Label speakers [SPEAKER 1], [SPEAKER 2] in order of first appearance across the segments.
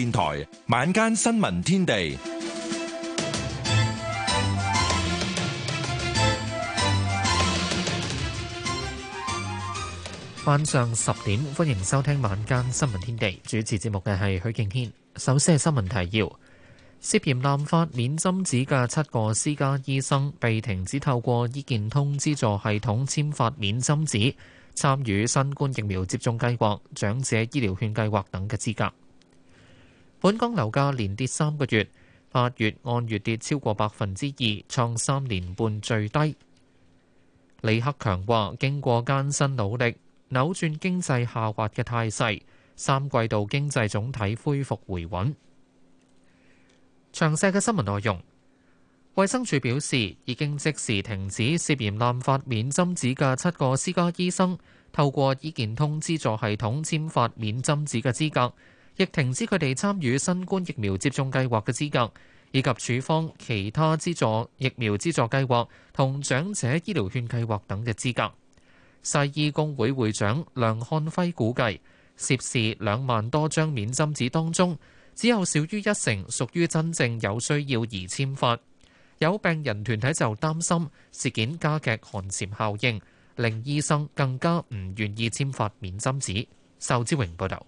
[SPEAKER 1] 電台晚間新聞天地，
[SPEAKER 2] 晚上十點歡迎收聽晚間新聞天地。主持節目嘅係許敬軒。首先係新聞提要：涉嫌濫發免針紙嘅七個私家醫生被停止透過醫健通資助系統簽發免針紙、參與新冠疫苗接種計劃、長者醫療券計劃等嘅資格。本港樓價連跌三個月，八月按月跌超過百分之二，創三年半最低。李克強話：經過艱辛努力，扭轉經濟下滑嘅態勢，三季度經濟總體恢復回穩。詳細嘅新聞內容，衛生署表示已經即時停止涉嫌濫發免針紙嘅七個私家醫生，透過醫健通資助系統簽發免針紙嘅資格。亦停止佢哋參與新冠疫苗接種計劃嘅資格，以及處方其他資助疫苗資助計劃同長者醫療券計劃等嘅資格。西醫工會會長梁漢輝估計，涉事兩萬多張免針紙當中，只有少於一成屬於真正有需要而簽發。有病人團體就擔心事件加劇寒蟬效應，令醫生更加唔願意簽發免針紙。
[SPEAKER 3] 仇志榮報道。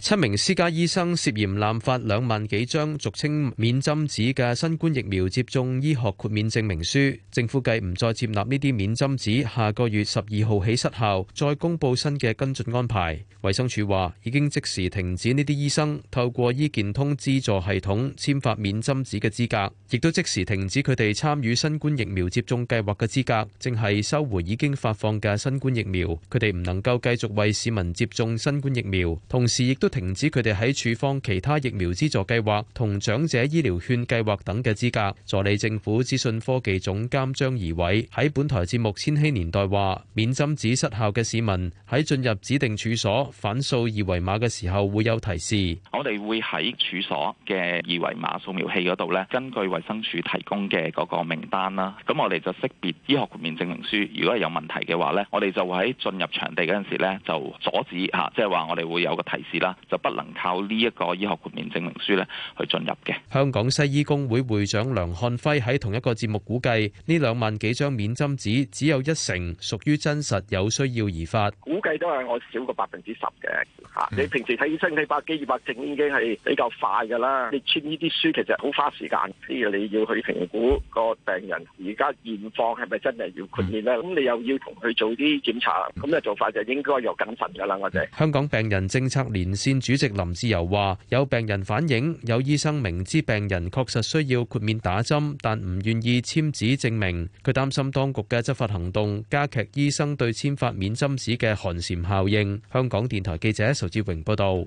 [SPEAKER 3] 七名私家醫生涉嫌濫發兩萬幾張俗稱免針紙嘅新冠疫苗接種醫學豁免證明書，政府計唔再接納呢啲免針紙，下個月十二號起失效，再公布新嘅跟進安排。衛生署話已經即時停止呢啲醫生透過醫健通資助系統簽發免針紙嘅資格，亦都即時停止佢哋參與新冠疫苗接種計劃嘅資格，正係收回已經發放嘅新冠疫苗，佢哋唔能夠繼續為市民接種新冠疫苗，同時亦都。都停止佢哋喺處方其他疫苗資助計劃同長者醫療券計劃等嘅資格。助理政府資訊科技總監張怡偉喺本台節目《千禧年代》話：免針紙失效嘅市民喺進入指定處所反掃二維碼嘅時候會有提示。
[SPEAKER 4] 我哋會喺處所嘅二維碼掃描器嗰度咧，根據衛生署提供嘅嗰個名單啦，咁我哋就識別醫學豁免證明書。如果係有問題嘅話咧，我哋就會喺進入場地嗰陣時咧就阻止吓，即係話我哋會有個提示啦。就不能靠呢一個醫學豁免證明書咧去進入嘅。
[SPEAKER 3] 香港西醫公會會長梁漢輝喺同一個節目估計，呢兩萬幾張免針紙只有一成屬於真實有需要而發，
[SPEAKER 4] 估計都係我少過百分之十嘅。嚇，嗯、你平時睇醫生睇百幾二百症已經係比較快㗎啦。你簽呢啲書其實好花時間，譬如你要去評估個病人而家現況係咪真係要豁免咧，咁、嗯、你又要同佢做啲檢查，咁你做法就應該有謹慎㗎啦。我哋、嗯嗯、
[SPEAKER 3] 香港病人政策連。副主席林志游話：，有病人反映，有醫生明知病人確實需要豁免打針，但唔願意簽紙證明。佢擔心當局嘅執法行動加劇醫生對簽發免針紙嘅寒蟬效應。香港電台記者仇志榮報道：，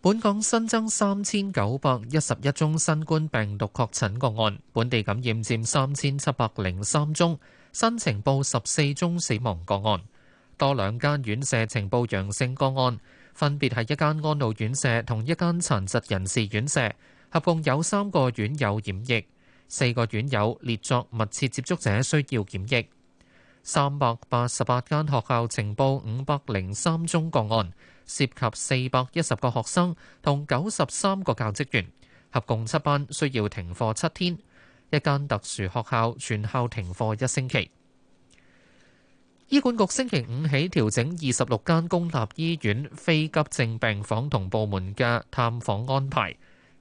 [SPEAKER 2] 本港新增三千九百一十一宗新冠病毒確診個案，本地感染佔三千七百零三宗，新情報十四宗死亡個案，多兩間院舍情報陽性個案。分別係一間安老院舍同一間殘疾人士院舍，合共有三個院友染疫，四個院友列作密切接觸者需要檢疫。三百八十八間學校呈報五百零三宗個案，涉及四百一十個學生同九十三個教職員，合共七班需要停課七天，一間特殊學校全校停課一星期。醫管局星期五起調整二十六間公立醫院非急症病房同部門嘅探訪安排，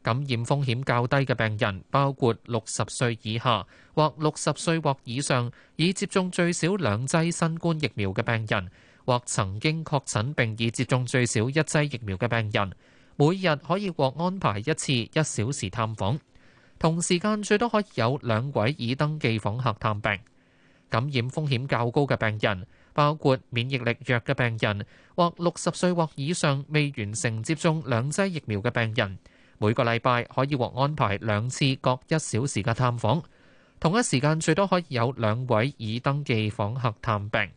[SPEAKER 2] 感染風險較低嘅病人，包括六十歲以下或六十歲或以上已接種最少兩劑新冠疫苗嘅病人，或曾經確診並已接種最少一劑疫苗嘅病人，每日可以獲安排一次一小時探訪，同時間最多可以有兩位已登記訪客探病。感染風險較高嘅病人，包括免疫力弱嘅病人，或六十歲或以上未完成接種兩劑疫苗嘅病人，每個禮拜可以獲安排兩次各一小時嘅探訪。同一時間最多可以有兩位已登記訪客探病。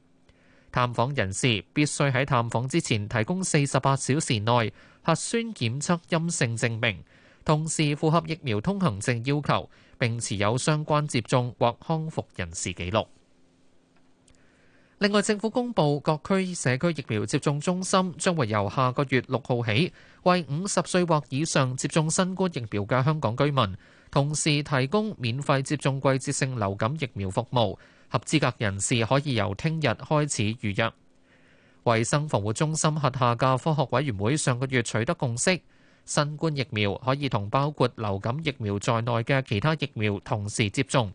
[SPEAKER 2] 探訪人士必須喺探訪之前提供四十八小時內核酸檢測陰性證明，同時符合疫苗通行證要求，並持有相關接種或康復人士記錄。另外，政府公布各區社區疫苗接種中心將會由下個月六號起，為五十歲或以上接種新冠疫苗嘅香港居民，同時提供免費接種季節性流感疫苗服務。合資格人士可以由聽日開始預約。衛生防護中心轄下嘅科學委員會上個月取得共識，新冠疫苗可以同包括流感疫苗在內嘅其他疫苗同時接種。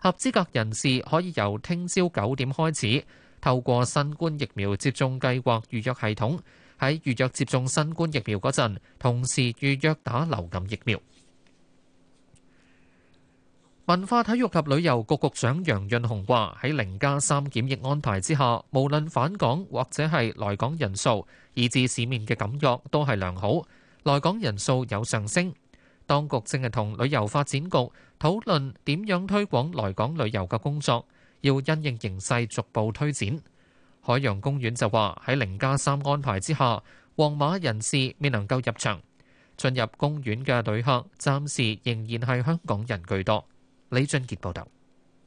[SPEAKER 2] 合資格人士可以由聽朝九點開始，透過新冠疫苗接種計劃預約系統，喺預約接種新冠疫苗嗰陣，同時預約打流感疫苗。文化體育及旅遊局局長楊潤雄話：喺零加三檢疫安排之下，無論返港或者係來港人數，以至市面嘅感覺都係良好，來港人數有上升。當局正係同旅遊發展局討論點樣推廣來港旅遊嘅工作，要因應形勢逐步推展。海洋公園就話喺零加三安排之下，黃碼人士未能夠入場。進入公園嘅旅客暫時仍然係香港人居多。李俊傑報道，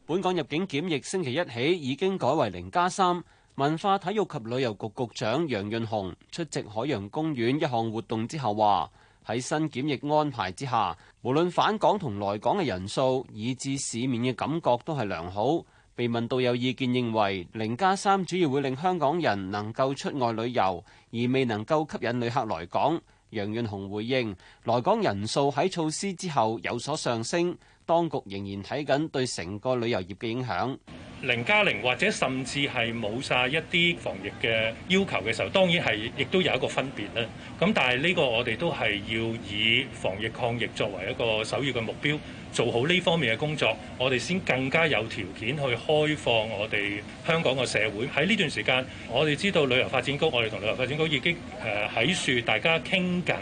[SPEAKER 5] 本港入境檢疫星期一起已經改為零加三。文化體育及旅遊局局長楊潤雄出席海洋公園一項活動之後話。喺新檢疫安排之下，無論返港同來港嘅人數，以至市面嘅感覺都係良好。被問到有意見認為零加三主要會令香港人能夠出外旅遊，而未能夠吸引旅客來港，楊潤雄回應：來港人數喺措施之後有所上升。當局仍然睇緊對成個旅遊業嘅影響，零加零或者甚至係冇晒一啲防疫嘅要求嘅時候，當然係
[SPEAKER 4] 亦都有一個分別咧。咁但係呢個我哋都係要以防疫抗疫作為一個首要嘅目標，做好呢方面嘅工作，我哋先更加有條件去開放我哋香港嘅社會。喺呢段時間，我哋知道旅遊發展局，我哋同旅遊發展局已經誒喺樹大家傾緊。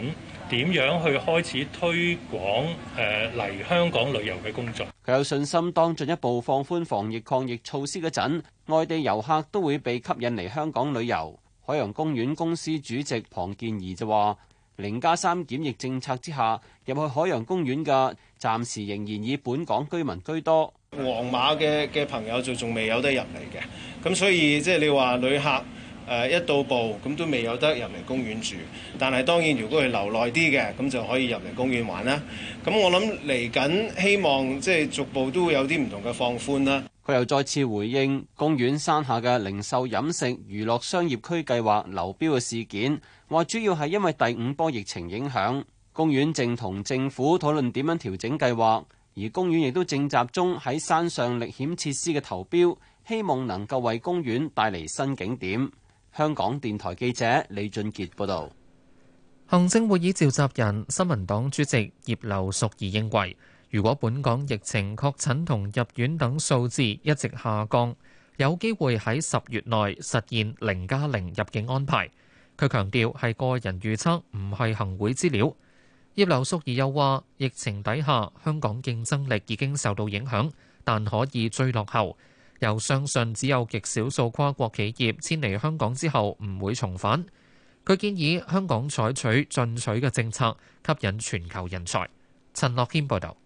[SPEAKER 4] 點樣去開始推廣誒嚟香港旅遊嘅工作？
[SPEAKER 5] 佢有信心，當進一步放寬防疫抗疫措施嗰陣，外地遊客都會被吸引嚟香港旅遊。海洋公園公司主席龐建儀就話，零加三檢疫政策之下，入去海洋公園嘅，暫時仍然以本港居民居多。黃碼嘅嘅朋友就仲未有得入嚟嘅，咁所以即係你話旅客誒一到步咁都未有得入嚟公園住，但係當然如果係留耐啲嘅咁就可以入嚟公園玩啦。咁我諗嚟緊希望即係逐步都會有啲唔同嘅放寬啦。佢又再次回應公園山下嘅零售飲食娛樂商業區計劃流標嘅事件，話主要係因為第五波疫情影響，公園正同政府討論點樣調整計劃，而公園亦都正集中喺山上歷險設施嘅投標，希望能夠為公園帶嚟新景點。香港電台記者李俊杰報道，
[SPEAKER 2] 行政會議召集人、新民黨主席葉劉淑儀認為，如果本港疫情確診同入院等數字一直下降，有機會喺十月內實現零加零入境安排。佢強調係個人預測，唔係行會資料。葉劉淑儀又話，疫情底下香港競爭力已經受到影響，但可以追落後。又相信只有極少數跨國企業遷嚟香港之後唔會重返。佢建議香港採取進取嘅政策，吸引全球人才。陳樂
[SPEAKER 1] 謙報道。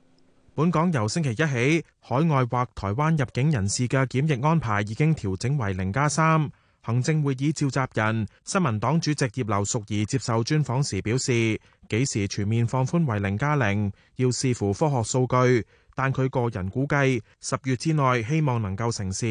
[SPEAKER 1] 本港由星期一起，海外或台灣入境人士嘅檢疫安排已經調整為零加三。行政會議召集人、新民黨主席葉劉淑儀接受專訪時表示，幾時全面放寬為零加零，0, 要視乎科學數據。但佢個人估計，十月之內希望能夠成事。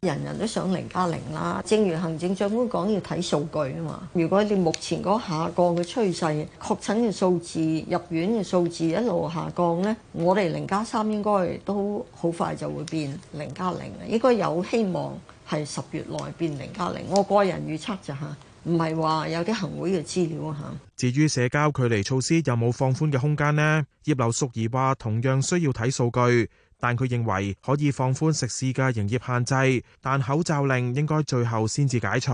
[SPEAKER 6] 人人都想零加零啦，正如行政長官講，要睇數據啊嘛。如果你目前嗰下降嘅趨勢、確診嘅數字、入院嘅數字一路下降呢，我哋零加三應該都好快就會變零加零，0, 應該有希望係十月內變零加零。0, 我個人預測就嚇。唔係話有啲行會嘅資料啊嚇。
[SPEAKER 1] 至於社交距離措施有冇放寬嘅空間呢？葉劉淑儀話同樣需要睇數據，但佢認為可以放寬食肆嘅營業限制，但口罩令應該最後先至解除。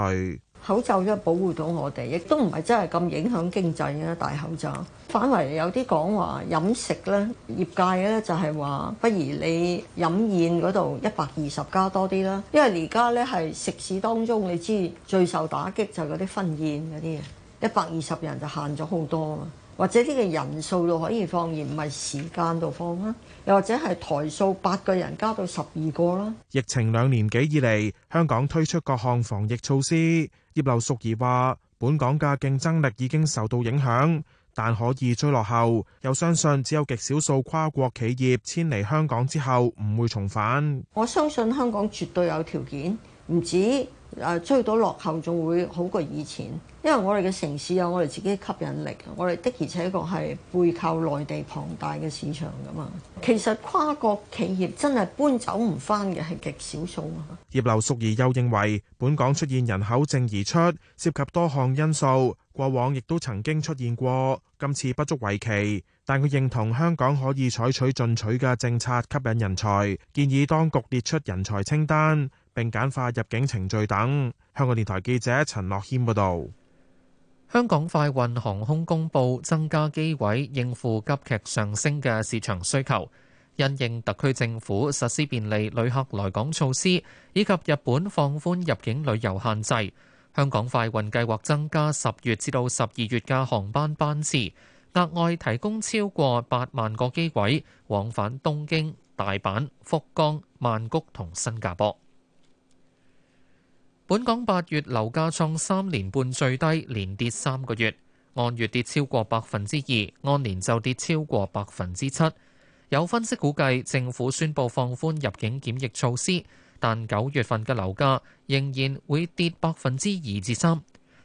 [SPEAKER 6] 口罩咧保護到我哋，亦都唔係真係咁影響經濟嘅戴口罩。反為有啲講話飲食咧業界咧就係話，不如你飲宴嗰度一百二十加多啲啦，因為而家咧係食肆當中，你知最受打擊就係嗰啲婚宴嗰啲，一百二十人就限咗好多啊。或者呢個人數度可以放，而唔係時間度放啦。又或者係台數八個人加到十二個啦。
[SPEAKER 1] 疫情兩年幾以嚟，香港推出各項防疫措施。葉劉淑儀話：本港嘅競爭力已經受到影響，但可以追落後。又相信只有極少數跨國企業遷離香港之後唔會重返。
[SPEAKER 6] 我相信香港絕對有條件，唔止。誒，追到落後仲會好過以前，因為我哋嘅城市有我哋自己吸引力，我哋的而且確係背靠內地龐大嘅市場㗎嘛。其實跨國企業真係搬走唔返嘅係極少數啊。
[SPEAKER 1] 葉劉淑儀又認為，本港出現人口正而出，涉及多項因素，過往亦都曾經出現過，今次不足為奇。但佢認同香港可以採取進取嘅政策吸引人才，建議當局列出人才清單並簡化入境程序等。香港電台記者陳樂謙報道。香港快運航空公佈增加機位，應付急劇上升嘅
[SPEAKER 2] 市場需求。因應特區政府實施便利旅客來港措施，以及日本放寬入境旅遊限制，香港快運計劃增加十月至到十二月嘅航班班次，額外提供超過八萬個機位，往返東京、大阪、福岡、曼谷同新加坡。本港八月樓價創三年半最低，連跌三個月，按月跌超過百分之二，按年就跌超過百分之七。有分析估計，政府宣布放寬入境檢疫措施，但九月份嘅樓價仍然會跌百分之二至三。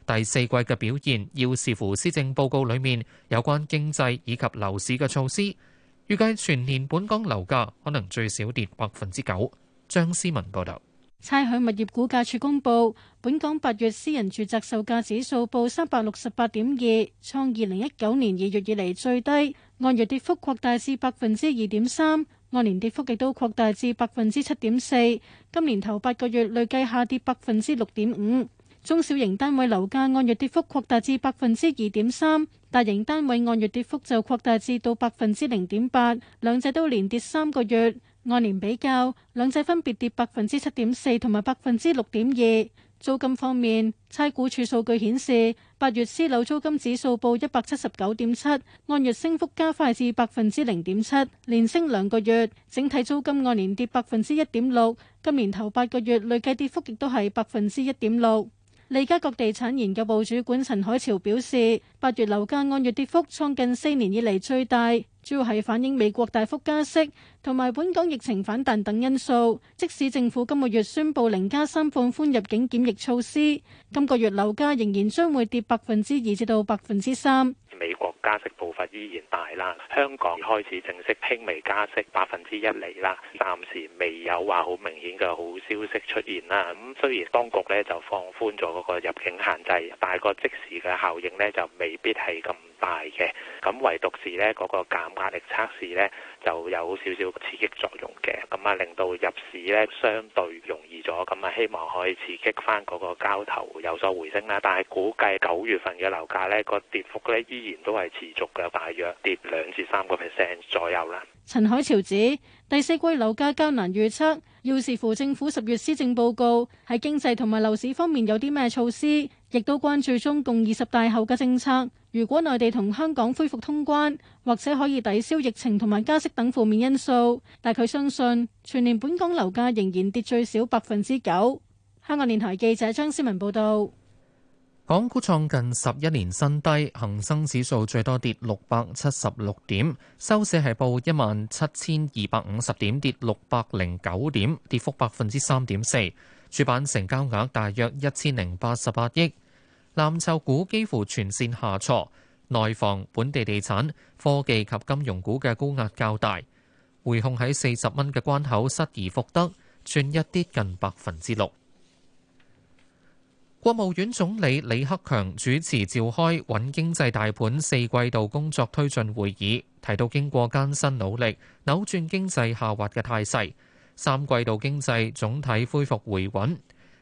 [SPEAKER 2] 第四季嘅表現要視乎施政報告裏面有關經濟以及樓市嘅措施。預計全年本港樓價可能最少跌百分之九。張思文報道。
[SPEAKER 7] 差餉物業估價署公佈，本港八月私人住宅售價指數報三百六十八點二，創二零一九年二月以嚟最低，按月跌幅擴大至百分之二點三，按年跌幅亦都擴大至百分之七點四。今年頭八個月累計下跌百分之六點五。中小型單位樓價按月跌幅擴大至百分之二點三，大型單位按月跌幅就擴大至到百分之零點八，兩者都連跌三個月。按年比較，兩者分別跌百分之七點四同埋百分之六點二。租金方面，差估署數據顯示，八月私樓租金指數報一百七十九點七，按月升幅加快至百分之零點七，連升兩個月。整體租金按年跌百分之一點六，今年頭八個月累計跌幅亦都係百分之一點六。利嘉閣地產研究部主管陳海潮表示，八月樓價按月跌幅創近四年以嚟最大，主要係反映美國大幅加息同埋本港疫情反彈等因素。即使政府今個月宣布零加三放寬入境檢疫措施，今個月樓價仍然將會跌百分之二至到百分之三。
[SPEAKER 4] 美國加息步伐依然大啦，香港開始正式輕微加息百分之一釐啦，暫時未有話好明顯嘅好消息出現啦。咁雖然當局呢就放寬咗嗰個入境限制，但係個即時嘅效應呢就未必係咁大嘅。咁唯獨是呢嗰個減壓力測試呢，就有少少刺激作用嘅，咁啊令到入市呢，相對容易咗，咁啊希望可以刺激返嗰個交投有所回升啦。但係估計九月份嘅樓價呢，個跌幅呢，依然都係持續嘅，大約跌兩至三個 percent 左右啦。
[SPEAKER 7] 陳海潮指第四季樓價較難預測，要視乎政府十月施政報告喺經濟同埋樓市方面有啲咩措施。亦都關注中共二十大後嘅政策，如果內地同香港恢復通關，或者可以抵消疫情同埋加息等負面因素。但佢相信，全年本港樓價仍然跌最少百分之九。香港電台記者張思文報道，
[SPEAKER 2] 港股創近十一年新低，恒生指數最多跌六百七十六點，收市係報一萬七千二百五十點，跌六百零九點，跌幅百分之三點四。主板成交額大約一千零八十八億，藍籌股幾乎全線下挫，內房、本地地產、科技及金融股嘅高壓較大，匯控喺四十蚊嘅關口失而復得，轉一跌近百分之六。國務院總理李克強主持召開穩經濟大盤四季度工作推進會議，提到經過艱辛努力，扭轉經濟下滑嘅態勢。三季度經濟總體恢復回穩，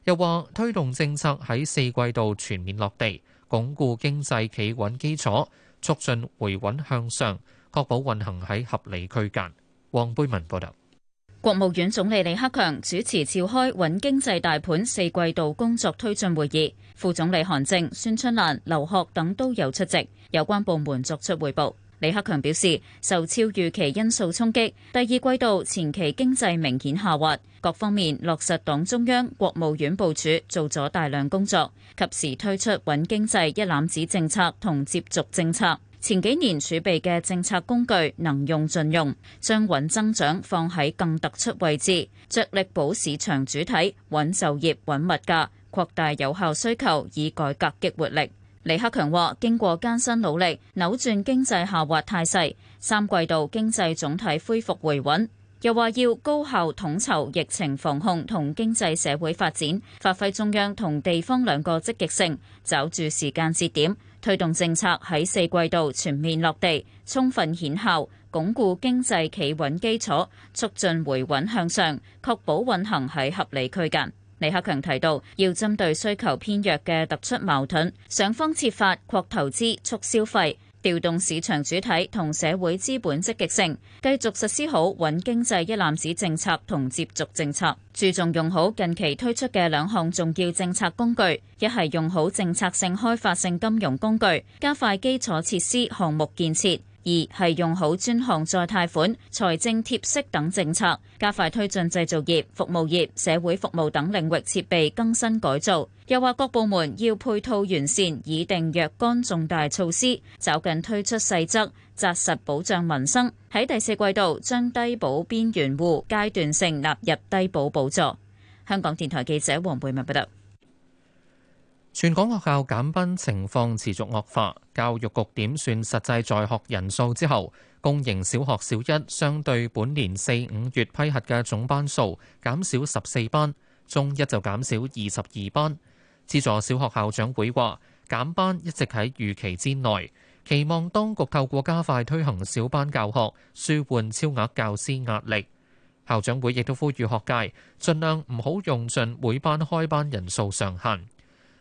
[SPEAKER 2] 又話推動政策喺四季度全面落地，鞏固經濟企穩基礎，促進回穩向上，確保運行喺合理區間。黃貝文報道，
[SPEAKER 8] 國務院總理李克強主持召開穩經濟大盤四季度工作推進會議，副總理韓正、孫春蘭、劉鶴等都有出席，有關部門作出彙報。李克強表示，受超預期因素沖擊，第二季度前期經濟明顯下滑，各方面落實黨中央、國務院部署，做咗大量工作，及時推出穩經濟一攬子政策同接續政策。前幾年儲備嘅政策工具能用盡用，將穩增長放喺更突出位置，着力保市場主體、穩就業、穩物價，擴大有效需求，以改革激活力。李克強話：經過艱辛努力，扭轉經濟下滑態勢，三季度經濟總體恢復回穩。又話要高效統籌疫情防控同經濟社會發展，發揮中央同地方兩個積極性，抓住時間節點，推動政策喺四季度全面落地、充分顯效，鞏固經濟企穩基礎，促進回穩向上，確保運行喺合理區間。李克強提到，要針對需求偏弱嘅突出矛盾，想方設法擴投資、促消費，調動市場主體同社會資本積極性，繼續實施好穩經濟一攬子政策同接續政策，注重用好近期推出嘅兩項重要政策工具，一係用好政策性開發性金融工具，加快基礎設施項目建設。二係用好專項再貸款、財政貼息等政策，加快推進製造業、服務業、社會服務等領域設備更新改造。又話各部門要配套完善擬定若干重大措施，抓緊推出細則，紮實保障民生。喺第四季度將低保邊緣戶階段性納入低保補助。香港電台記者黃貝文報道。
[SPEAKER 2] 全港學校減班情況持續惡化，教育局點算實際在學人數之後，公營小學小一相對本年四五月批核嘅總班數減少十四班，中一就減少二十二班。資助小學校長會話，減班一直喺預期之內，期望當局透過加快推行小班教學，舒緩超額教師壓力。校長會亦都呼籲學界盡量唔好用盡每班開班人數上限。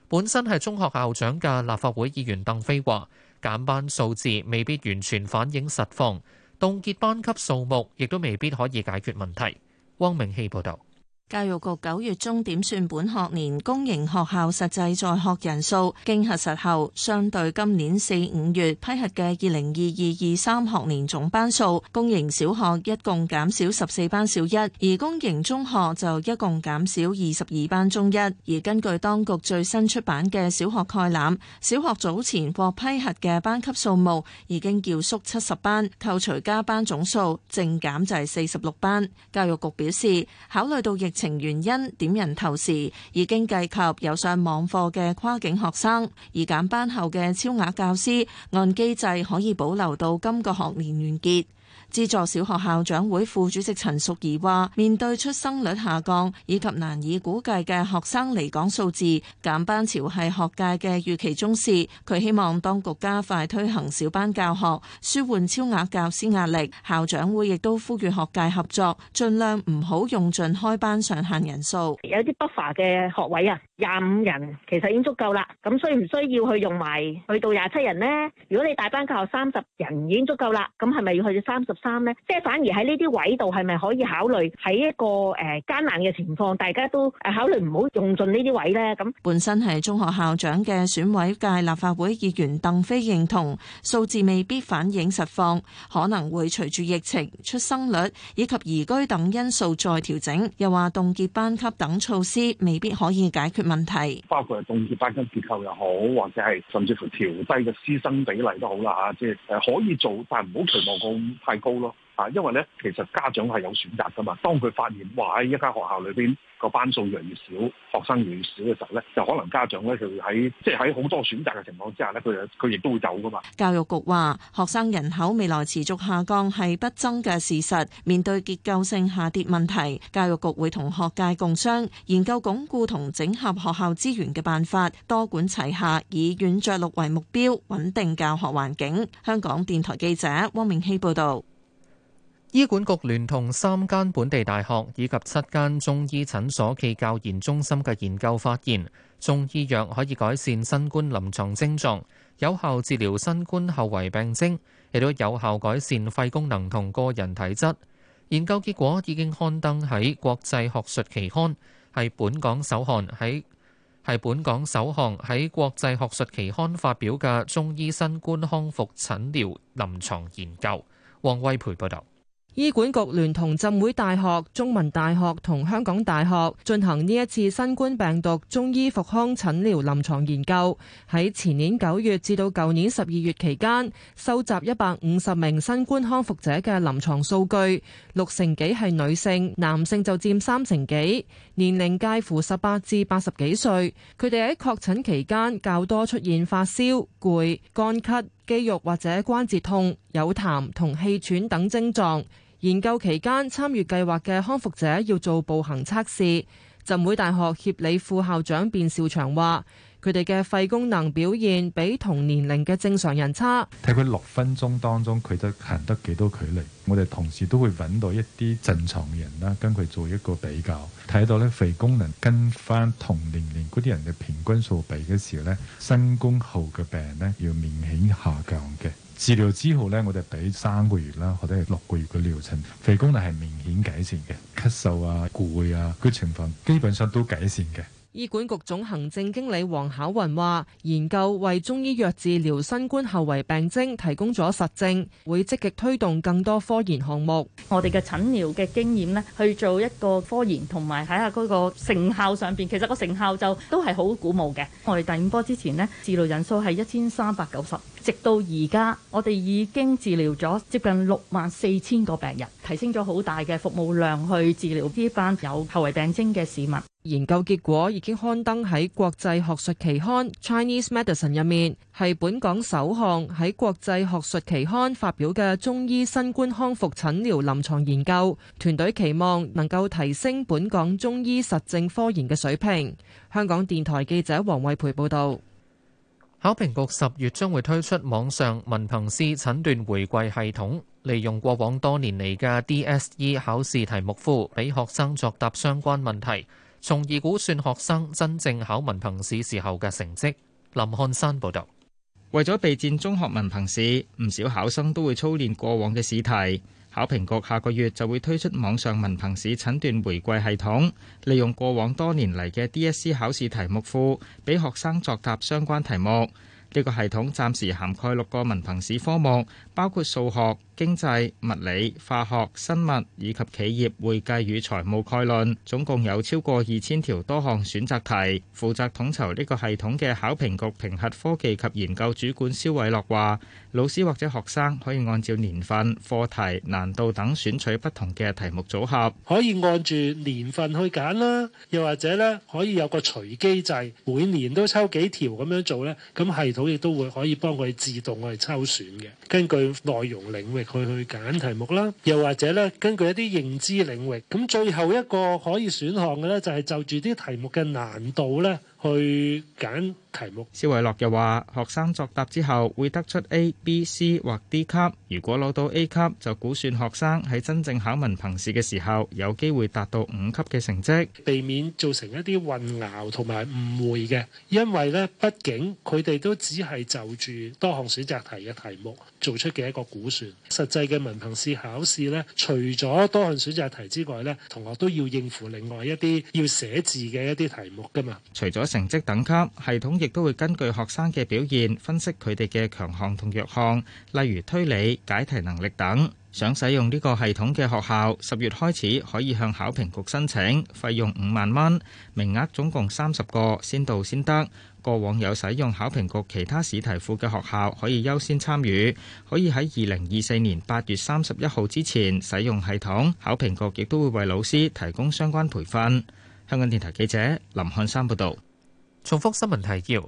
[SPEAKER 2] 本身係中學校長嘅立法會議員鄧飛話：減班數字未必完全反映實況，凍結班級數目亦都未必可以解決問題。汪明熙報導。
[SPEAKER 9] 教育局九月中點算本學年公營學校實際在學人數，經核實後，相對今年四五月批核嘅二零二二二三學年總班數，公營小學一共減少十四班小一，而公營中學就一共減少二十二班中一。而根據當局最新出版嘅小學概覽，小學早前獲批核嘅班級數目已經叫縮七十班，扣除加班總數，正減就係四十六班。教育局表示，考慮到疫情原因點人頭時已經計及有上網課嘅跨境學生，而減班後嘅超額教師按機制可以保留到今個學年完結。資助小學校長會副主席陳淑儀話，面對出生率下降以及難以估計嘅學生嚟港數字，減班潮係學界嘅預期中事。佢希望當局加快推行小班教學，舒緩超額教師壓力。校長會亦都呼籲學界合作，盡量唔好用盡開班上限人數。有啲 buffer 嘅學位啊，廿五人其實已經足夠啦。咁需唔需要去用埋去到廿七人咧？如果你大班教學三十人已經足夠啦，咁係咪要去到三十？三咧，即係反而喺呢啲位度係咪可以考慮喺一個誒艱難嘅情況，大家都誒考慮唔好用盡呢啲位咧？咁本身係中學校長嘅選委界立法會議員鄧飛認同數字未必反映實況，可能會隨住疫情出生率以及移居等因素再調整。又話凍結班級等措施未必可以解決問題，包括凍結班級結構又好，或者係甚至乎調低嘅師生比例都好啦嚇，即係誒可以做，但唔好期望咁太。高咯啊，
[SPEAKER 4] 因為咧，其實家長係有選擇噶嘛。當佢發現話喺一間學校裏邊個班數越嚟越少，學生越嚟越少嘅時候咧，就可能家長咧，佢會喺即係喺好多選擇嘅情況之下咧，佢佢亦都會走噶嘛。
[SPEAKER 9] 教育局話，學生人口未來持續下降係不爭嘅事實，面對結構性下跌問題，教育局會同學界共商研究鞏固同整合學校資源嘅辦法，多管齊下，以軟着陸為目標，穩定教學環境。香港電台記者汪明熙報道。
[SPEAKER 2] 醫管局聯同三間本地大學以及七間中醫診所暨教研中心嘅研究發現，中醫藥可以改善新冠臨牀症狀，有效治療新冠後遺病徵，亦都有效改善肺功能同個人體質。研究結果已經刊登喺國際學術期刊，係本港首項喺係本港首項喺國際學術期刊發表嘅中醫新冠康復診療臨牀研究。王威培報道。
[SPEAKER 10] 醫管局聯同浸會大學、中文大學同香港大學進行呢一次新冠病毒中醫復康診療臨床研究。喺前年九月至到舊年十二月期間，收集一百五十名新冠康復者嘅臨床數據，六成幾係女性，男性就佔三成幾，年齡介乎十八至八十幾歲。佢哋喺確診期間較多出現發燒、攰、乾咳、肌肉或者關節痛、有痰同氣喘等症狀。研究期間，參與計劃嘅康復者要做步行測試。浸會大學協理副校長卞兆祥話：佢哋嘅肺功能表現比同年齡嘅正常人差。
[SPEAKER 4] 睇佢六分鐘當中佢都行得幾多距離，我哋同時都會揾到一啲正常人啦，跟佢做一個比較，睇到咧肺功能跟翻同年齡嗰啲人嘅平均數比嘅時候咧，新冠肺炎嘅病咧要明顯下降嘅。治療之後呢，我哋俾三個月啦，或者係六個月嘅療程，肺功能係明顯改善嘅，咳嗽啊、攰啊，啲情況基本上都改善嘅。
[SPEAKER 10] 醫管局總行政經理黃巧雲話：研究為中醫藥治療新冠後遺病徵提供咗實證，會積極推動更多科研項目。 我哋嘅診療嘅經驗呢，去做一個科研，同埋睇下嗰個成效
[SPEAKER 7] 上邊。其實個成效就都係好鼓舞嘅。我哋第五波之前呢，治療人數係一千三百九十。直到而家，我哋已經治療咗接近六萬四千個病
[SPEAKER 10] 人，提升咗好大嘅服務量去治療呢班有後遺病徵嘅市民。研究結果已經刊登喺國際學術期刊《Chinese Medicine》入面，係本港首項喺國際學術期刊發表嘅中醫新冠康復診療臨床研究。團隊期望能夠提升本港中醫實證科研嘅水平。香港電台記者黃慧培報道。考評局十月
[SPEAKER 2] 將會推出網上文憑試診斷回饋系統，利用過往多年嚟嘅 DSE 考試題目庫，俾學生作答相關問題，從而估
[SPEAKER 11] 算學生真正考文憑試時候嘅成績。林漢山報道，為咗備戰中學文憑試，唔少考生都會操練過往嘅試題。考評局下個月就會推出網上文憑試診斷回饋系統，利用過往多年嚟嘅 DSE 考試題目庫，俾學生作答相關題目。呢、這個系統暫時涵蓋六個文憑試科目，包括數學。經濟、物理、化學、生物以及企業會計與財務概論，總共有超過二千條多項選擇題。負責統籌呢個系統嘅考評局評核科技及研究主管肖偉樂話：老師或者學生可以按照年份、課題、難度等選取不同嘅題目組合。可以按住年份
[SPEAKER 4] 去揀啦，又或者咧可以有個隨機制，每年都抽幾條咁樣做咧，咁系統亦都會可以幫佢自動去抽選嘅，根據內容領域。佢去揀題目啦，又或者咧，根據一啲認知領域，咁最後一個可以選項嘅咧，就係就住啲題目嘅難度咧。去
[SPEAKER 11] 揀題目。肖偉樂又話，學生作答之後會得出 A、B、C 或 D 級。如果攞到 A 級，就估算學生喺真正考文憑試嘅時候，有機會達到五級嘅成績。避免造成一啲混淆同埋誤會嘅，因為呢，畢竟佢哋都只係就住
[SPEAKER 4] 多項選擇題嘅題目做出嘅一個估算。實際嘅文憑試考試呢，除咗多項選擇題之外呢，同學都要應付另外一啲要寫字嘅一啲題目噶嘛。
[SPEAKER 11] 除咗。成績等級系統亦都會根據學生嘅表現分析佢哋嘅強項同弱項，例如推理、解題能力等。想使用呢個系統嘅學校，十月開始可以向考評局申請，費用五萬蚊，名額總共三十個，先到先得。過往有使用考評局其他試題庫嘅學校可以優先參與，可以喺二零二四年八月三十一號之前使用系統。考評局亦都會為老師提供相關培訓。香港電台記者林漢山報道。重複新聞提要：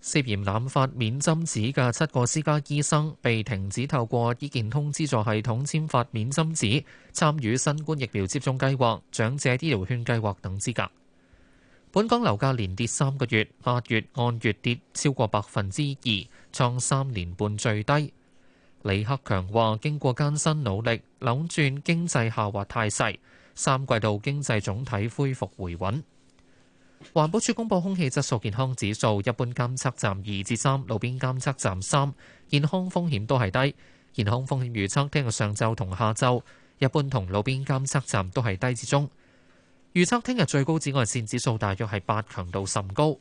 [SPEAKER 11] 涉嫌濫發免針紙
[SPEAKER 2] 嘅七個私家醫生被停止透過醫健通資助系統簽發免針紙、參與新冠疫苗接種計劃、長者醫療券計劃等資格。本港樓價連跌三個月，八月按月跌超過百分之二，創三年半最低。李克強話：經過艱辛努力，扭轉經濟下滑態勢，三季度經濟總體恢復回穩。環保署公布空氣質素健康指數，一般監測站二至三，路邊監測站三，健康風險都係低。健康風險預測聽日上晝同下晝，一般同路邊監測站都係低至中。預測聽日最高紫外線指數大約係八，強度甚高。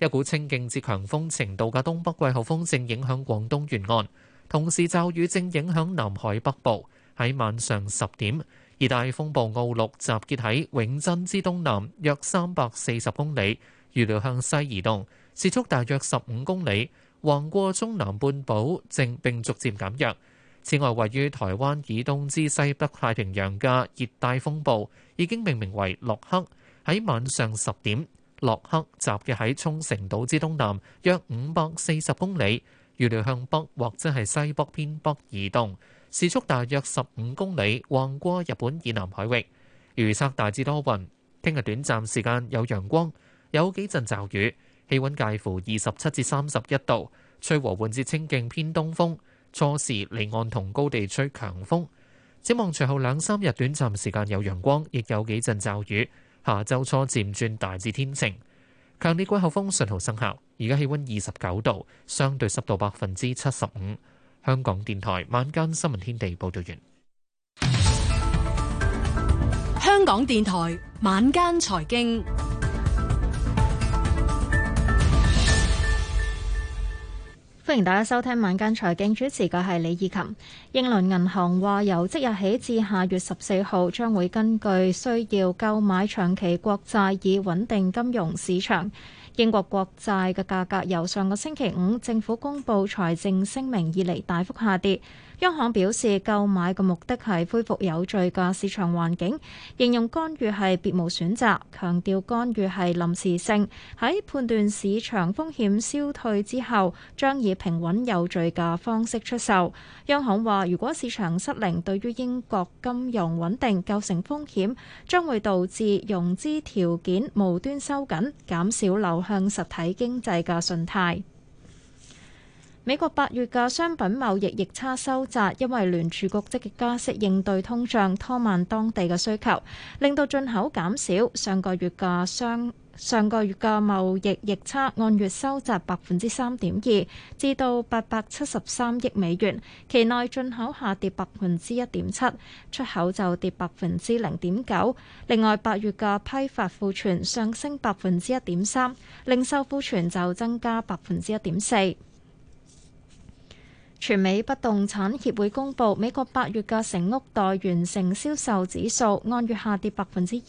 [SPEAKER 2] 一股清勁至強風程度嘅東北季候風正影響廣東沿岸，同時驟雨正影響南海北部。喺晚上十點。熱帶風暴奧鹿集結喺永珍之東南約三百四十公里，預料向西移動，時速大約十五公里，橫過中南半島正並逐漸減弱。此外，位於台灣以東之西北太平洋嘅熱帶風暴已經命名為洛克。喺晚上十點，洛克集結喺沖繩島之東南約五百四十公里，預料向北或者係西北偏北移動。時速大約十五公里，橫過日本以南海域。預測大致多雲，聽日短暫時間有陽光，有幾陣驟雨。氣溫介乎二十七至三十一度，吹和緩至清勁偏東風。初時離岸同高地吹強風。展望隨後兩三日短暫時間有陽光，亦有幾陣驟雨。下周初漸轉大致天晴。強烈季候風信號生效，而家氣溫二十九度，相對濕度百分之七十五。香港電台晚間新聞天地報道完。
[SPEAKER 6] 香港電台晚間財經，
[SPEAKER 12] 歡迎大家收聽晚間財經，主持嘅係李以琴。英倫銀行話由即日起至下月十四號，將會根據需要購買長期國債，以穩定金融市場。英國國債嘅價格由上個星期五政府公布財政聲明以嚟大幅下跌。央行表示，購買嘅目的係恢復有序嘅市場環境，形容干預係別無選擇，強調干預係臨時性。喺判斷市場風險消退之後，將以平穩有序嘅方式出售。央行話，如果市場失靈，對於英國金融穩定構成風險，將會導致融資條件無端收緊，減少流向實體經濟嘅信貸。美國八月嘅商品貿易逆差收窄，因為聯儲局積極加息應對通脹，拖慢當地嘅需求，令到進口減少。上個月嘅商上個月嘅貿易逆差按月收窄百分之三點二，至到八百七十三億美元。期內進口下跌百分之一點七，出口就跌百分之零點九。另外，八月嘅批發庫存上升百分之一點三，零售庫存就增加百分之一點四。全美不動產協會公布，美國八月嘅成屋待完成銷售指數按月下跌百分之二，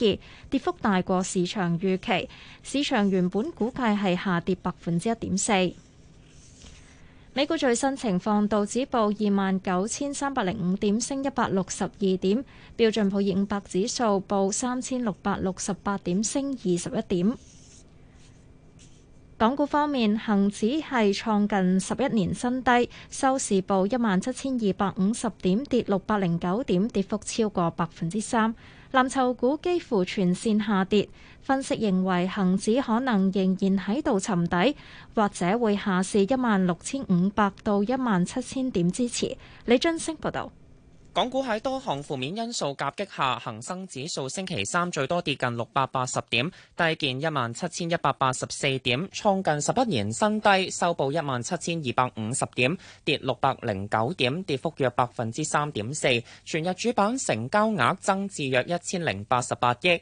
[SPEAKER 12] 跌幅大過市場預期。市場原本估計係下跌百分之一點四。美股最新情況，道指報二萬九千三百零五點，升一百六十二點；標準普爾五百指數報三千六百六十八點，升二十一點。港股方面，恒指係創近十一年新低，收市報一萬七千二百五十點，跌六百零九點，跌幅超過百分之三。藍籌股幾乎全線下跌，分析認為恒指可能仍然喺度尋底，或者會下試一萬六千五百到一萬七千點支持。李津升報道。
[SPEAKER 13] 港股喺多項負面因素夾擊下，恆生指數星期三最多跌近六百八十點，低見一萬七千一百八十四點，創近十一年新低，收報一萬七千二百五十點，跌六百零九點，跌幅約百分之三點四。全日主板成交額增至約一千零八十八億。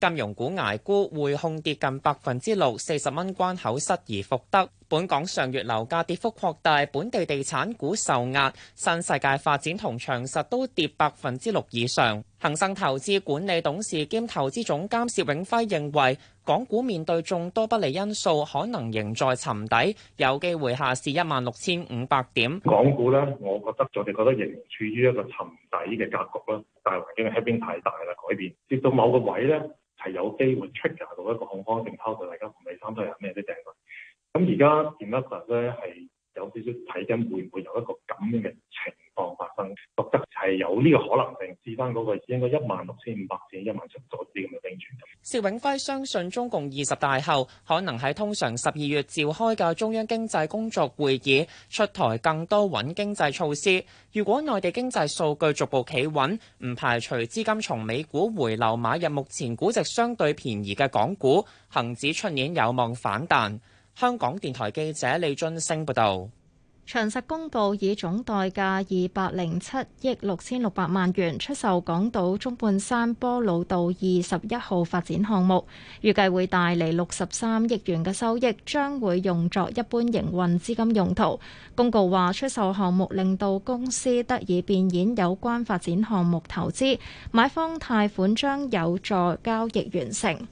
[SPEAKER 13] 金融股捱沽，匯控跌近百分之六，四十蚊關口失而復得。本港上月樓價跌幅擴大，本地地產股受壓，新世界發展同長實都跌百分之六以上。恒生投資管理董事兼投資總監薛永輝認為，港股面對眾多不利因素，可能仍在尋底，有機會下試一萬六千五百點。港股
[SPEAKER 4] 咧，我覺得我哋覺得仍然處於一個尋底嘅格局啦。大環境嘅喺邊太大啦改變，直到某個位咧係有機會出價到一個恐慌性拋售，大家唔理三堆有咩都定律。咁而家點解呢，係有少少睇緊會唔會有一個咁嘅情況發生，覺得係有呢個可能性。試翻嗰個應該一萬六千五百至一萬七左右啲咁
[SPEAKER 8] 嘅冰柱。
[SPEAKER 13] 邵永輝相信中共二十大後，可能喺通常十二月召開嘅中央經濟工作會議出台更多穩經濟措施。如果內地經濟數據逐步企穩，唔排除資金從美股回流買入目前估值相對便宜嘅港股，恒指出年有望反彈。香港電台記者李俊升報道，
[SPEAKER 12] 長實公布以總代價二百零七億六千六百萬元出售港島中半山波老道二十一號發展項目，預計會帶嚟六十三億元嘅收益，將會用作一般營運資金用途。公告話，出售項目令到公司得以變現有關發展項目投資，買方貸款將有助交易完成。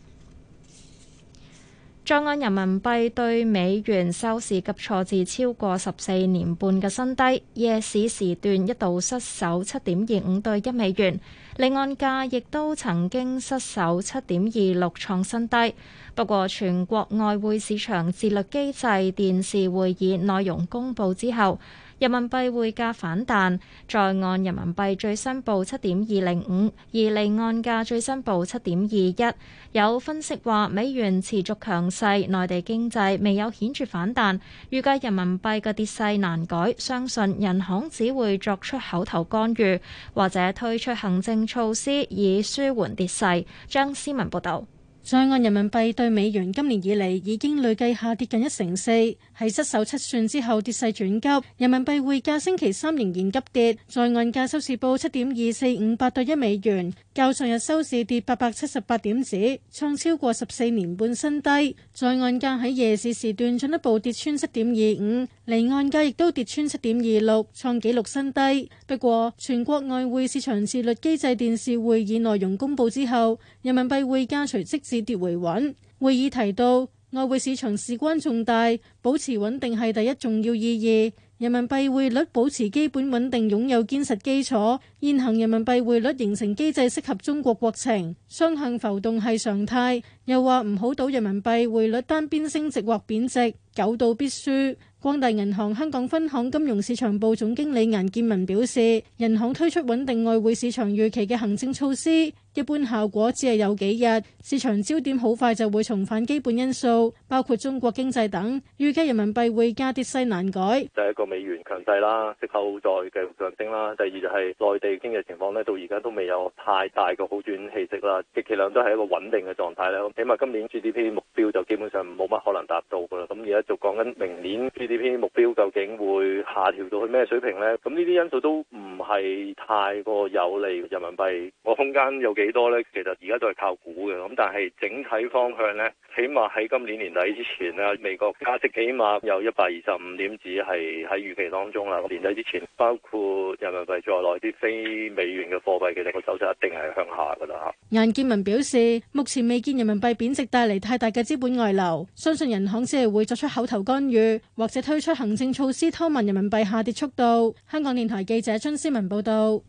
[SPEAKER 12] 在岸人民幣兌美元收市急挫至超過十四年半嘅新低，夜市時段一度失守七點二五對一美元，離岸價亦都曾經失守七點二六創新低。不過，全國外匯市場自律機制電視會議內容公佈之後，人民幣匯價反彈，在岸人民幣最新報七點二零五，而離岸價最新報七點二一。有分析話，美元持續強勢，內地經濟未有顯著反彈，預計人民幣嘅跌勢難改。相信人行只會作出口頭干預，或者推出行政措施以舒緩跌勢。張思文報導。在岸人民幣對美元今年以嚟已經累計下跌近一成四，
[SPEAKER 7] 喺失守七算之後跌勢轉急，人民幣匯價星期三仍然急跌，在岸價收市報七點二四五八對一美元，較上日收市跌八百七十八點子，創超過十四年半新低。在岸價喺夜市時段進一步跌穿七點二五，離岸價亦都跌穿七點二六，創紀錄新低。不過，全國外匯市場自律機制電視會議內容公佈之後，人民幣匯價隨即止跌回穩。會議提到，外匯市場事關重大，保持穩定係第一重要意義。人民幣匯率保持基本穩定，擁有堅實基礎。現行人民幣匯率形成機制適合中國國情，雙向浮動係常態。又話唔好賭人民幣匯率單邊升值或貶值，久賭必輸。光大銀行香港分行金融市場部總經理顏建文表示，銀行推出穩定外匯市場預期嘅行政措施。一般效果只係有幾日，市場焦點好快就會重返基本因素，包括中國經濟等，預計人民幣會加跌，勢難改。
[SPEAKER 4] 第一個美元強勢啦，息口再繼續上升啦。第二就係、是、內地經濟情況咧，到而家都未有太大嘅好轉氣息啦，極其量都係一個穩定嘅狀態咧。起碼今年 GDP 目標就基本上冇乜可能達到㗎啦。咁而家就講緊明年 GDP 目標究竟會下調到去咩水平咧？咁呢啲因素都唔係太過有利人民幣個空間有幾。幾多咧？其實而家都係靠估嘅，咁但係整體方向呢，起碼喺今年年底之前呢，美國加息起碼有一百二十五點子係喺預期當中啦。年底之前，包括人民幣在內啲非美元嘅貨幣，其實個走勢一定係向下噶啦嚇。
[SPEAKER 7] 顏建文表示，目前未見人民幣貶值帶嚟太大嘅資本外流，相信人行只係會作出口頭干預，或者推出行政措施拖慢人民幣下跌速度。香港電台記者張思
[SPEAKER 12] 文報道。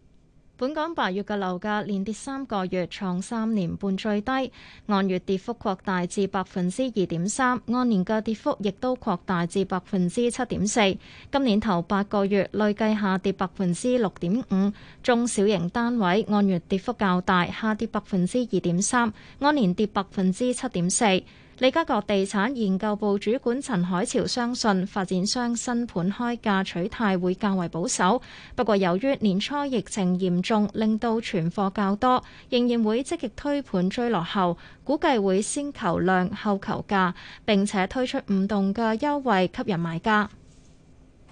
[SPEAKER 12] 本港八月嘅樓價連跌三個月，創三年半最低，按月跌幅擴大至百分之二點三，按年嘅跌幅亦都擴大至百分之七點四。今年頭八個月累計下跌百分之六點五，中小型單位按月跌幅較大，下跌百分之二點三，按年跌百分之七點四。李嘉閣地產研究部主管陳海潮相信，發展商新盤開價取態會較為保守。不過，由於年初疫情嚴重，令到存貨較多，仍然會積極推盤追落後，估計會先求量後求價，並且推出唔同嘅優惠吸引買家。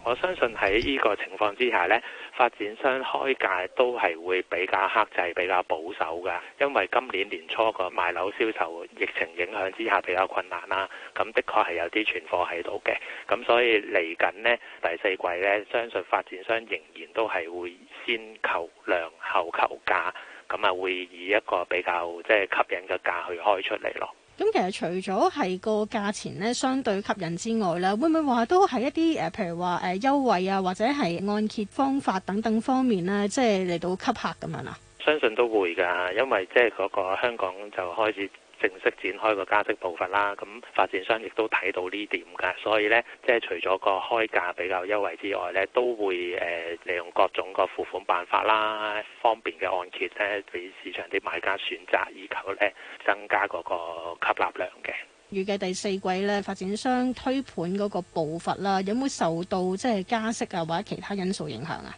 [SPEAKER 4] 我相信喺呢個情況之下咧。發展商開價都係會比較克制、比較保守嘅，因為今年年初個賣樓銷售疫情影響之下比較困難啦。咁的確係有啲存貨喺度嘅，咁所以嚟緊呢第四季呢，相信發展商仍然都係會先求量後求價，咁啊會以一個比較即係吸引嘅價去開出嚟咯。
[SPEAKER 7] 咁其實除咗係個價錢咧，相對吸引之外咧，會唔會話都係一啲誒，譬如話誒、呃、優惠啊，或者係按揭方法等等方面咧，即係嚟到吸客咁樣啊？
[SPEAKER 4] 相信都會㗎，因為即係嗰個香港就開始。正式展開個加息步伐啦，咁發展商亦都睇到呢點㗎，所以咧即係除咗個開價比較優惠之外咧，都會誒、呃、利用各種個付款辦法啦，方便嘅按揭咧，俾市場啲買家選擇，以求咧增加嗰個吸納量嘅。
[SPEAKER 7] 預計第四季咧發展商推盤嗰個步伐啦，有冇受到即係加息啊或者其他因素影響啊？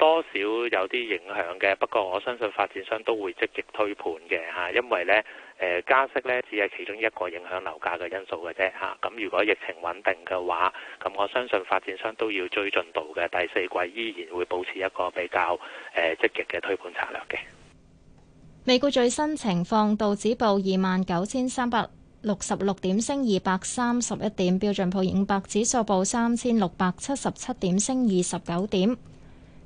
[SPEAKER 4] 多少有啲影響嘅，不過我相信發展商都會積極推盤嘅吓，因為咧誒、加息咧只係其中一個影響樓價嘅因素嘅啫吓，咁、啊、如果疫情穩定嘅話，咁我相信發展商都要追進度嘅。第四季依然會保持一個比較誒積極嘅推盤策略嘅。
[SPEAKER 12] 美股最新情況，道指報二萬九千三百六十六點升二百三十一點，標準普五百指數報三千六百七十七點升二十九點。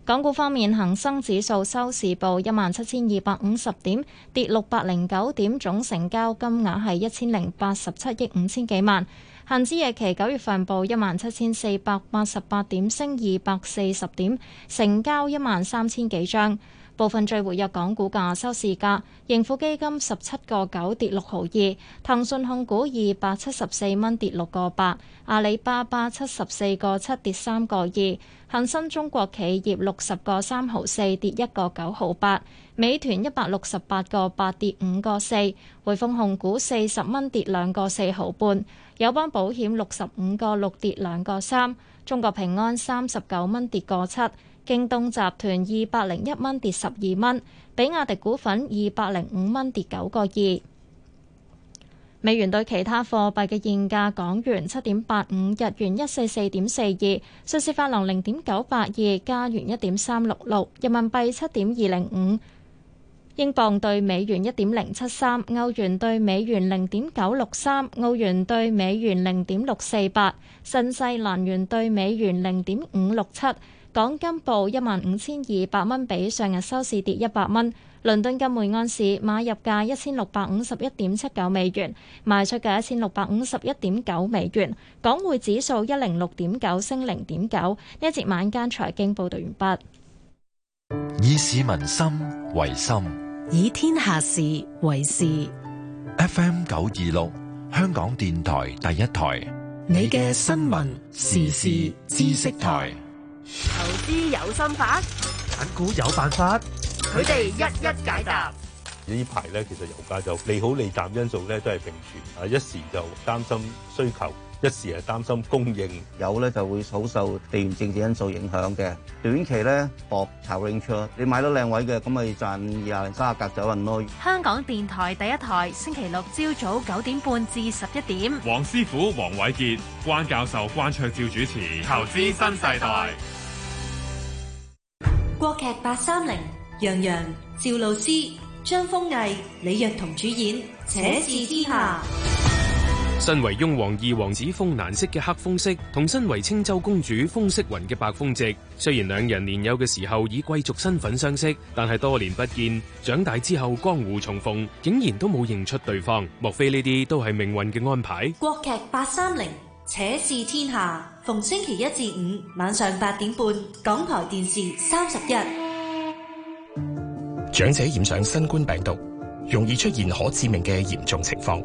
[SPEAKER 12] 港股方面，恒生指數收市報一萬七千二百五十點，跌六百零九點，總成交金額係一千零八十七億五千幾萬。恒指夜期九月份報一萬七千四百八十八點，升二百四十點，成交一萬三千幾張。部分最活躍港股價收市價，盈富基金十七個九跌六毫二，騰訊控股二百七十四蚊跌六個八，阿里巴巴七十四個七跌三個二，恒生中國企業六十個三毫四跌一個九毫八，美團一百六十八個八跌五個四，匯豐控股四十蚊跌兩個四毫半，友邦保險六十五個六跌兩個三，中國平安三十九蚊跌個七。京東集團二百零一蚊跌十二蚊，比亞迪股份二百零五蚊跌九個二。美元對其他貨幣嘅現價：港元七點八五，日元一四四點四二，瑞士法郎零點九八二，加元一點三六六，人民幣七點二零五，英鎊兌美元一點零七三，歐元兌美元零點九六三，澳元兌美元零點六四八，新西蘭元兌美元零點五六七。港金報一萬五千二百蚊，比上日收市跌一百蚊。倫敦金每安士買入價一千六百五十一點七九美元，賣出價一千六百五十一點九美元。港匯指數一零六點九升零點九。一節晚間財經報道完畢。
[SPEAKER 4] 以市民心為心，
[SPEAKER 7] 以天下事為事。
[SPEAKER 1] FM 九二六，香港電台第一台，
[SPEAKER 5] 你嘅新
[SPEAKER 13] 聞時事
[SPEAKER 1] 知識台。
[SPEAKER 13] 投資有心法，
[SPEAKER 1] 港股
[SPEAKER 4] 有辦法，
[SPEAKER 6] 佢哋一一解答。
[SPEAKER 4] 呢排咧，其實油價就利好利淡因素咧都係並存，啊，一時就擔心需求。一時係擔心供應
[SPEAKER 13] 有咧就會好受，受地緣政治因素影響嘅，短期咧搏炒 r a 你買到靚位嘅，咁咪賺廿零三十格左右咯。
[SPEAKER 12] 香港電台第一台星期六朝早九點半至十一點，
[SPEAKER 3] 黃師傅黃偉傑、關教授關卓照主持，投資新世代。
[SPEAKER 12] 國劇
[SPEAKER 9] 八三零，楊洋、趙露思、張豐毅、李若彤主演，且試天下。
[SPEAKER 3] 身為雍王二王子豐蘭息嘅黑豐息，同身為青州公主風惜雲嘅白風夕，雖然兩人年幼嘅時候以貴族身份相識，但係多年不見，長大之後江湖重逢，竟然都冇認出對方。莫非呢啲都係命運嘅安排？
[SPEAKER 9] 國劇八三零，且試天下，逢星期一至五晚上八點半，港台電視三十一。
[SPEAKER 4] 長者染上新冠病毒，容易出現可致命嘅嚴重情況。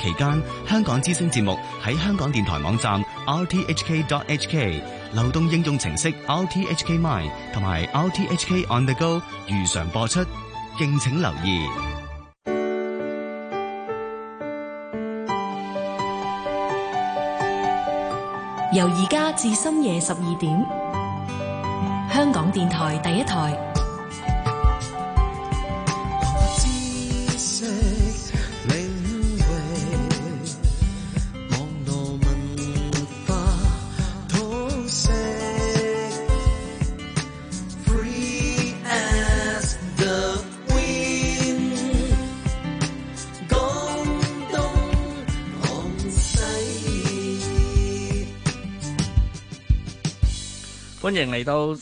[SPEAKER 1] 期間，香港之星節目喺香港電台網站 rthk.hk、流動應用程式 rthk mine 同埋 rthk on the go 如常播出，敬請留意。
[SPEAKER 7] 由而家至深夜十二點，
[SPEAKER 10] 香港電台第一台。
[SPEAKER 12] 嚟到。